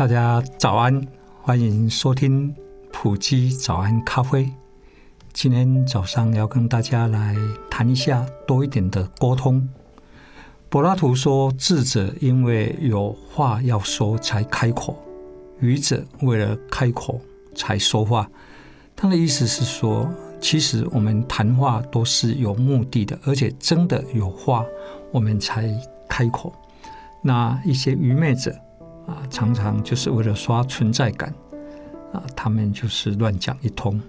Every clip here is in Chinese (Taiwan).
大家早安，歡迎收聽埔基早安咖啡。今天早上要跟大家來談一下多一點的溝通。柏拉圖說：“智者因為有話要說才開口，愚者為了開口才說話。”他的意思是說，其實我們談話都是有目的的，而且真的有話我們才開口。那一些愚昧者。啊，常常就是為了刷存在感，啊，他們就是亂講一通。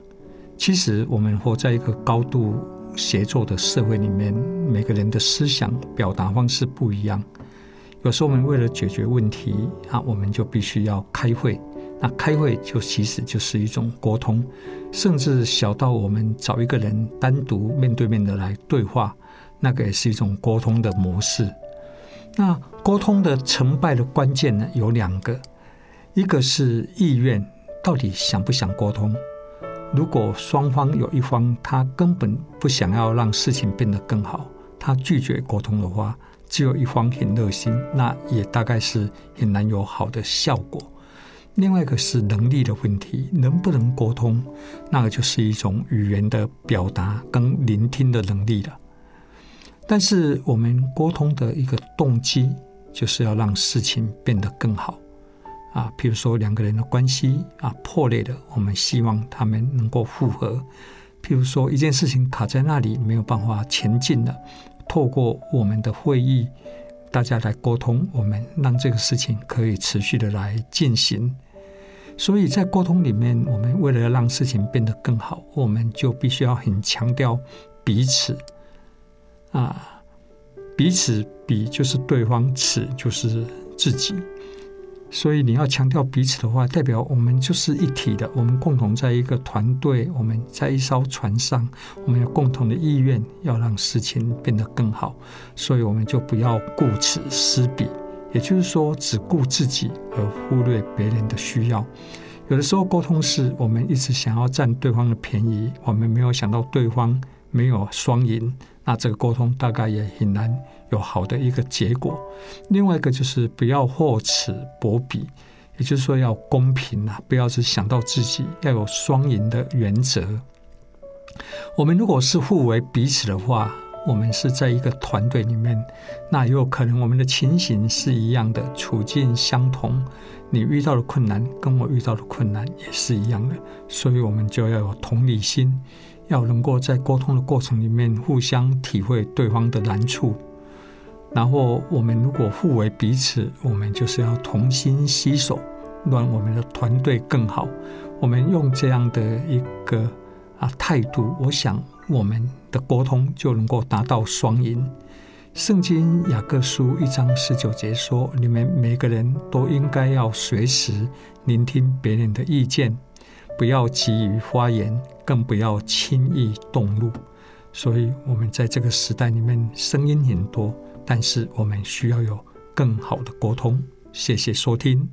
其實我們活在一個高度協作的社會裡面，每個人的思想表達方式不一樣。有時候我們為了解決問題，啊，我們就必須要開會。那開會就其實就是一種溝通，甚至小到我們找一個人單獨面對面的來對話，那個也是一種溝通的模式。那溝通的成敗的關鍵呢，有兩個，一個是意願，到底想不想溝通？如果雙方有一方他根本不想要讓事情變得更好，他拒絕溝通的話，只有一方很熱心，那也大概是很難有好的效果。另外一個是能力的問題，能不能溝通？那個就是一種語言的表達跟聆聽的能力了。但是我們溝通的一個動機，就是要讓事情變得更好啊。譬如說兩個人的關係啊破裂了，我們希望他們能夠複合；譬如說一件事情卡在那裡沒有辦法前進了，透過我們的會議，大家來溝通，我們讓這個事情可以持續的來進行。所以在溝通裡面，我們為了讓事情變得更好，我們就必須要很強調彼此。啊、呃，彼此，彼就是對方，此就是自己。所以你要強調彼此的話，代表我們就是一體的，我們共同在一個團隊，我們在一艘船上，我們有共同的意願，要讓事情變得更好。所以我們就不要顧此失彼，也就是說，只顧自己而忽略別人的需要。有的時候溝通是我們一直想要佔對方的便宜，我們沒有想到對方。沒有雙贏，那這個溝通大概也很難有好的一個結果。另外一個就是不要厚此薄彼，也就是說要公平啊，不要只想到自己，要有雙贏的原則。我們如果是互為彼此的話，我們是在一個團隊裡面，那也有可能我們的情形是一樣的，處境相同，你遇到的困難跟我遇到的困難也是一樣的，所以我們就要有同理心。要能夠在溝通的過程裡面互相體會對方的難處，然後我們如果互為彼此，我們就是要同心攜手，讓我們的團隊更好。我們用這樣的一個啊態度，我想我們的溝通就能夠達到雙贏。聖經雅各書一章十九節說：“你們每個人都應該要隨時聆聽別人的意見。”不要急於發言，更不要輕易動怒。所以，我們在這個時代裡面，聲音很多，但是我們需要有更好的溝通。謝謝收聽。